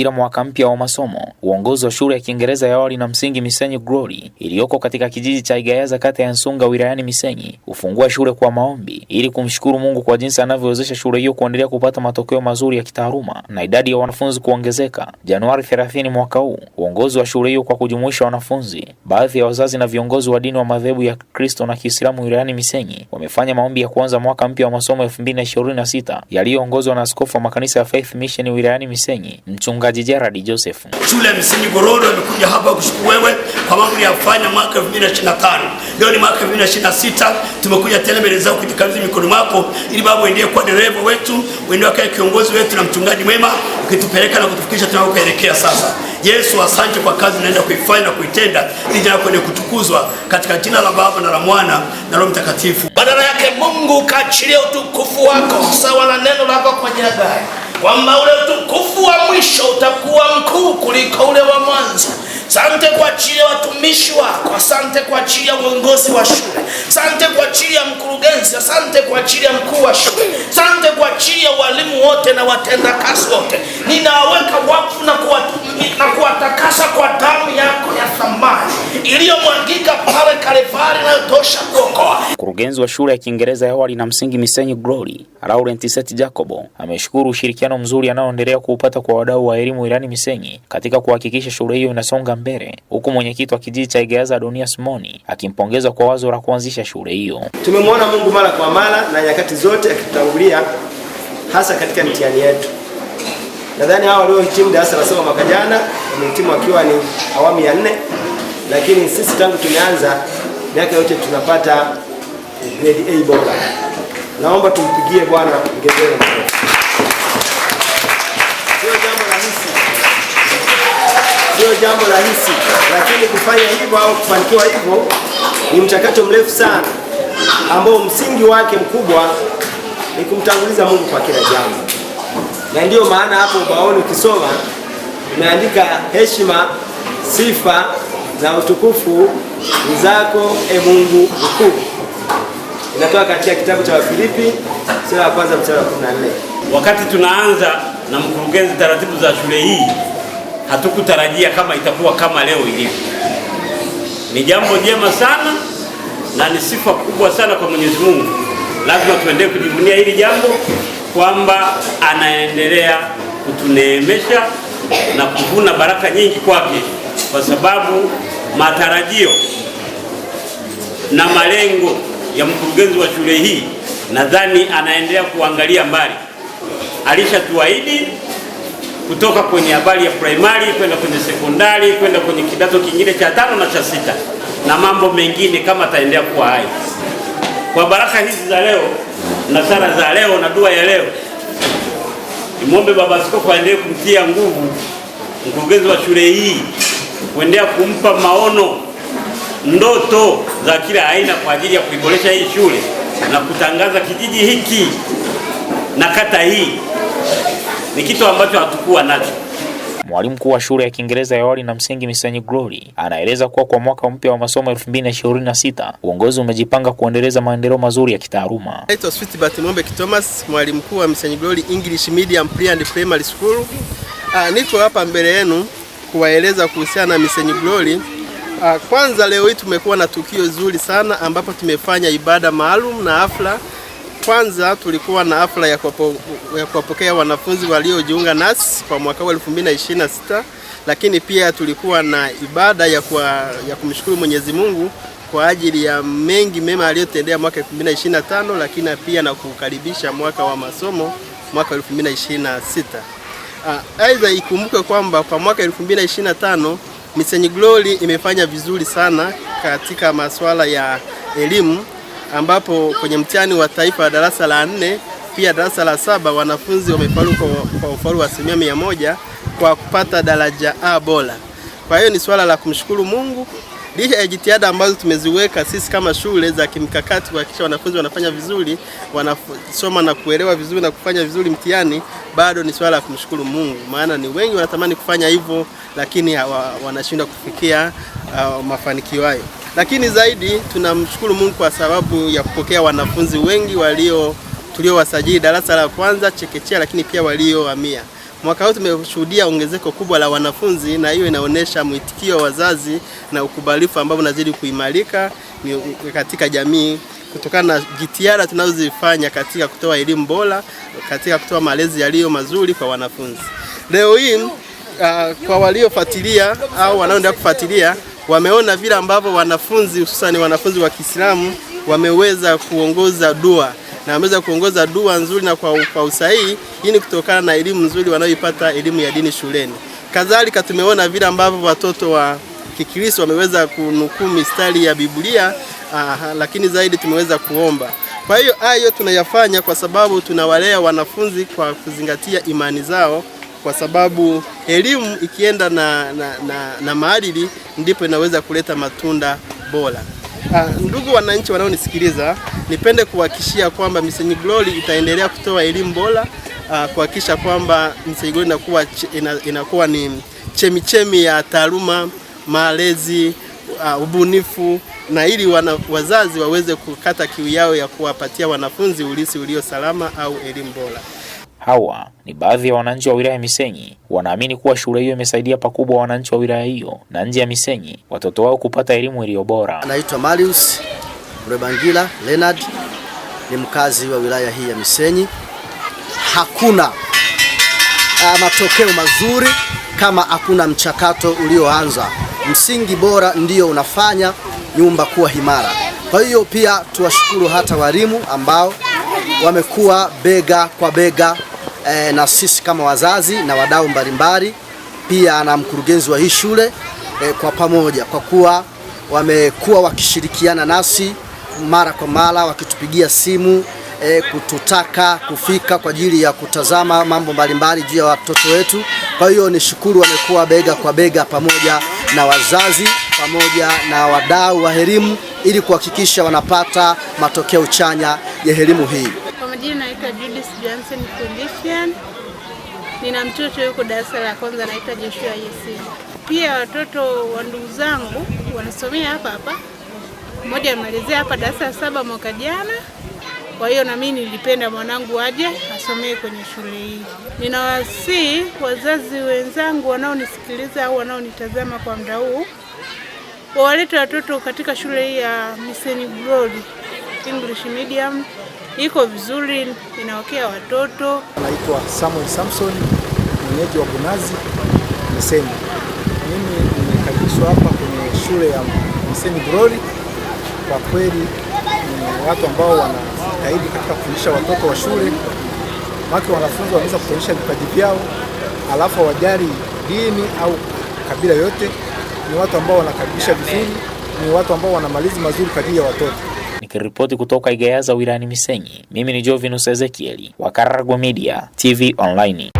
kila mwaka mpya wa masomo. Uongozi wa shule ya Kiingereza ya awali na msingi Misenyi Glory iliyoko katika kijiji cha Igayaza kata ya Nsunga wilayani Misenyi hufungua shule kwa maombi ili kumshukuru Mungu kwa jinsi anavyowezesha shule hiyo kuendelea kupata matokeo mazuri ya kitaaluma na idadi ya wanafunzi kuongezeka. Januari 30 mwaka huu, uongozi wa shule hiyo kwa kujumuisha wanafunzi, baadhi ya wazazi na viongozi wa dini wa madhehebu ya Kristo na Kiislamu wilayani Misenyi wamefanya maombi ya kuanza mwaka mpya wa masomo 2026 yaliyoongozwa na askofu wa makanisa ya Faith Mission wilayani Misenyi mchungaji mchungaji Gerald Joseph. Shule ya msingi Gorodo imekuja hapa kushukuru wewe kwa mambo uliyofanya mwaka 2025. Leo ni mwaka 2026, tumekuja tena mbele zako kujikabidhi mikono mwako, ili Baba uendelee kuwa dereva wetu, uendelee kuwa kiongozi wetu na mchungaji mwema, ukitupeleka na kutufikisha tunakoelekea sasa. Yesu, asante kwa kazi unaenda kuifanya na kuitenda, ili jina lako liende kutukuzwa katika jina la Baba na la Mwana na Roho Mtakatifu. Badala yake Mungu kaachilie utukufu wako sawa na neno lako kwa jina kwamba ule utukufu wa mwisho utakuwa mkuu kuliko ule wa mwanzo. Sante kwa ajili ya watumishi wako, asante kwa ajili ya uongozi wa shule, sante kwa ajili ya mkurugenzi, asante kwa ajili ya mkuu wa shule, sante kwa ajili ya walimu wote na watendakazi wote. ninaweka wakfu na na kuwatakasa kwa damu yako ya thamani iliyomwangika pale Kalvari inayotosha kuokoa. Mkurugenzi wa shule ya Kiingereza ya awali na msingi Misenyi Glory, Laurent Set Jacobo, ameshukuru ushirikiano mzuri anaoendelea kuupata kwa wadau wa elimu wilayani Misenyi katika kuhakikisha shule hiyo inasonga Mbere, huku mwenyekiti wa kijiji cha Igeaza Adonias Moni akimpongeza kwa wazo la kuanzisha shule hiyo. Tumemwona Mungu mara kwa mara na nyakati zote akitutangulia, hasa katika mitihani yetu. Nadhani hawa waliohitimu darasa la saba mwaka jana wamehitimu wakiwa ni awamu ya nne, lakini sisi tangu tumeanza miaka yote tunapata grade A bora. Naomba tumpigie Bwana ngezero. sio jambo rahisi, lakini kufanya hivyo au kufanikiwa hivyo ni mchakato mrefu sana ambao msingi wake mkubwa ni kumtanguliza Mungu kwa kila jambo, na ndiyo maana hapo ubaoni ukisoma umeandika heshima, sifa na utukufu ni zako, e Mungu mkuu. Inatoka katika kitabu cha Wafilipi sura ya kwanza mstari wa 14. Wakati tunaanza na mkurugenzi taratibu za shule hii hatukutarajia kama itakuwa kama leo ilivyo. Ni jambo jema sana na ni sifa kubwa sana kwa Mwenyezi Mungu. Lazima tuendelee kujivunia hili jambo kwamba anaendelea kutuneemesha na kuvuna baraka nyingi kwake, kwa sababu matarajio na malengo ya mkurugenzi wa shule hii nadhani anaendelea kuangalia mbali, alishatuahidi kutoka kwenye habari ya primary kwenda kwenye sekondari kwenda kwenye kidato kingine cha tano na cha sita na mambo mengine kama ataendea kuwa hai. Kwa baraka hizi za leo na sala za leo na dua ya leo, nimwombe Baba Askofu aendelee kumtia nguvu mkurugenzi wa shule hii kuendelea kumpa maono, ndoto za kila aina kwa ajili ya kuiboresha hii shule na kutangaza kijiji hiki na kata hii ni kitu ambacho hatukuwa nacho. Mwalimu mkuu wa shule ya Kiingereza ya awali na msingi Misenyi Glory anaeleza kuwa kwa mwaka mpya wa masomo 2026 uongozi umejipanga kuendeleza maendeleo mazuri ya kitaaluma. Naitwa Sweetbat Mombe Thomas, mwalimu mkuu wa Misenyi Glory English Medium Pre and Primary School. Ah, niko hapa mbele yenu kuwaeleza kuhusiana na Misenyi Glory. Ah, kwanza leo hii tumekuwa na tukio zuri sana ambapo tumefanya ibada maalum na hafla kwanza tulikuwa na hafla ya kuwapokea wanafunzi waliojiunga nasi kwa mwaka wa 2026 lakini pia tulikuwa na ibada ya, kwa, ya kumshukuru Mwenyezi Mungu kwa ajili ya mengi mema aliyotendea mwaka 2025 lakini pia na kukaribisha mwaka wa masomo mwaka 2026. Ah, aidha, ikumbuke kwamba kwa mwaka 2025 Missenyi Glory imefanya vizuri sana katika masuala ya elimu ambapo kwenye mtihani wa taifa wa darasa la nne pia darasa la saba wanafunzi wamefaulu kwa, kwa ufaulu wa asilimia mia moja kwa kupata daraja A bora. Kwa hiyo ni swala la kumshukuru Mungu Licha ya jitihada ambazo tumeziweka sisi kama shule za kimkakati kuhakikisha wanafunzi wanafanya vizuri, wanasoma na kuelewa vizuri na kufanya vizuri mtihani, bado ni swala la kumshukuru Mungu, maana ni wengi wanatamani kufanya hivyo, lakini wanashindwa kufikia uh, mafanikio hayo. Lakini zaidi tunamshukuru Mungu kwa sababu ya kupokea wanafunzi wengi walio tuliowasajili darasa la kwanza chekechea, lakini pia waliohamia Mwaka huu tumeshuhudia ongezeko kubwa la wanafunzi, na hiyo inaonyesha mwitikio wa wazazi na ukubalifu ambao unazidi kuimarika katika jamii kutokana na jitihada tunazozifanya katika kutoa elimu bora, katika kutoa malezi yaliyo mazuri kwa wanafunzi. Leo hii uh, kwa waliofuatilia au wanaoendelea kufuatilia wameona vile ambavyo wanafunzi hususani wanafunzi wa Kiislamu wameweza kuongoza dua na wameweza kuongoza dua nzuri na kwa, kwa usahihi. Hii ni kutokana na elimu nzuri wanayoipata elimu ya dini shuleni. Kadhalika tumeona vile ambavyo watoto wa Kikristo wameweza kunukuu mistari ya Biblia. Aha, lakini zaidi tumeweza kuomba. Kwa hiyo hayo tunayafanya kwa sababu tunawalea wanafunzi kwa kuzingatia imani zao, kwa sababu elimu ikienda na, na, na, na maadili ndipo inaweza kuleta matunda bora. Ah, ndugu wananchi wanaonisikiliza, nipende kuhakikishia kwamba misenyi Glory itaendelea kutoa elimu bora ah, kuhakikisha kwamba Msenyi Glory inakuwa, ina, inakuwa ni chemichemi ya taaluma, malezi ah, ubunifu na ili wana, wazazi waweze kukata kiu yao ya kuwapatia wanafunzi ulisi ulio salama au elimu bora. Hawa ni baadhi ya wananchi wa wilaya ya Misenyi wanaamini kuwa shule hiyo imesaidia pakubwa wananchi wa wilaya hiyo na nje ya Misenyi watoto wao kupata elimu iliyo bora. Anaitwa Marius rebangila Leonard, ni mkazi wa wilaya hii ya Misenyi. Hakuna ah, matokeo mazuri kama hakuna mchakato ulioanza. Msingi bora ndio unafanya nyumba kuwa imara. Kwa hiyo pia tuwashukuru hata walimu ambao wamekuwa bega kwa bega e, na sisi kama wazazi na wadau mbalimbali, pia na mkurugenzi wa hii shule e, kwa pamoja, kwa kuwa wamekuwa wakishirikiana nasi mara kwa mara wakitupigia simu e, kututaka kufika kwa ajili ya kutazama mambo mbalimbali juu ya watoto wetu. Kwa hiyo ni shukuru, wamekuwa bega kwa bega pamoja na wazazi pamoja na wadau wa elimu ili kuhakikisha wanapata matokeo chanya ya elimu hii majina naitwa Judith Johnson Condition. Nina mtoto yuko darasa la kwanza anaitwa Joshua Yesi. Pia watoto wa ndugu zangu wanasomea hapa hapa, mmoja amalizia hapa darasa la saba mwaka jana. Kwa hiyo na mimi nilipenda mwanangu aje asomee kwenye shule hii. Ninawasihi wazazi wenzangu wanaonisikiliza au wanaonitazama kwa muda huu wawalete watoto katika shule hii ya Miseni Broad English medium iko vizuri, inaokea watoto. Naitwa Samuel Samson, mwenyeji wa Bunazi Missenyi. Mimi nimekaribishwa hapa kwenye shule ya mseni Glory. Kwa kweli ni watu ambao wanajitahidi katika kufundisha watoto wa shule, maana wanafunzi wanaweza kuonyesha vipaji vyao, alafu hawajali dini au kabila yote. Ni watu ambao wanakaribisha vizuri, ni watu ambao wana mazuri kwa ajili ya watoto. Nikiripoti kutoka Igeaza wilayani Misenyi, mimi ni Jovinus Ezekieli wa Karagwe Media TV Online.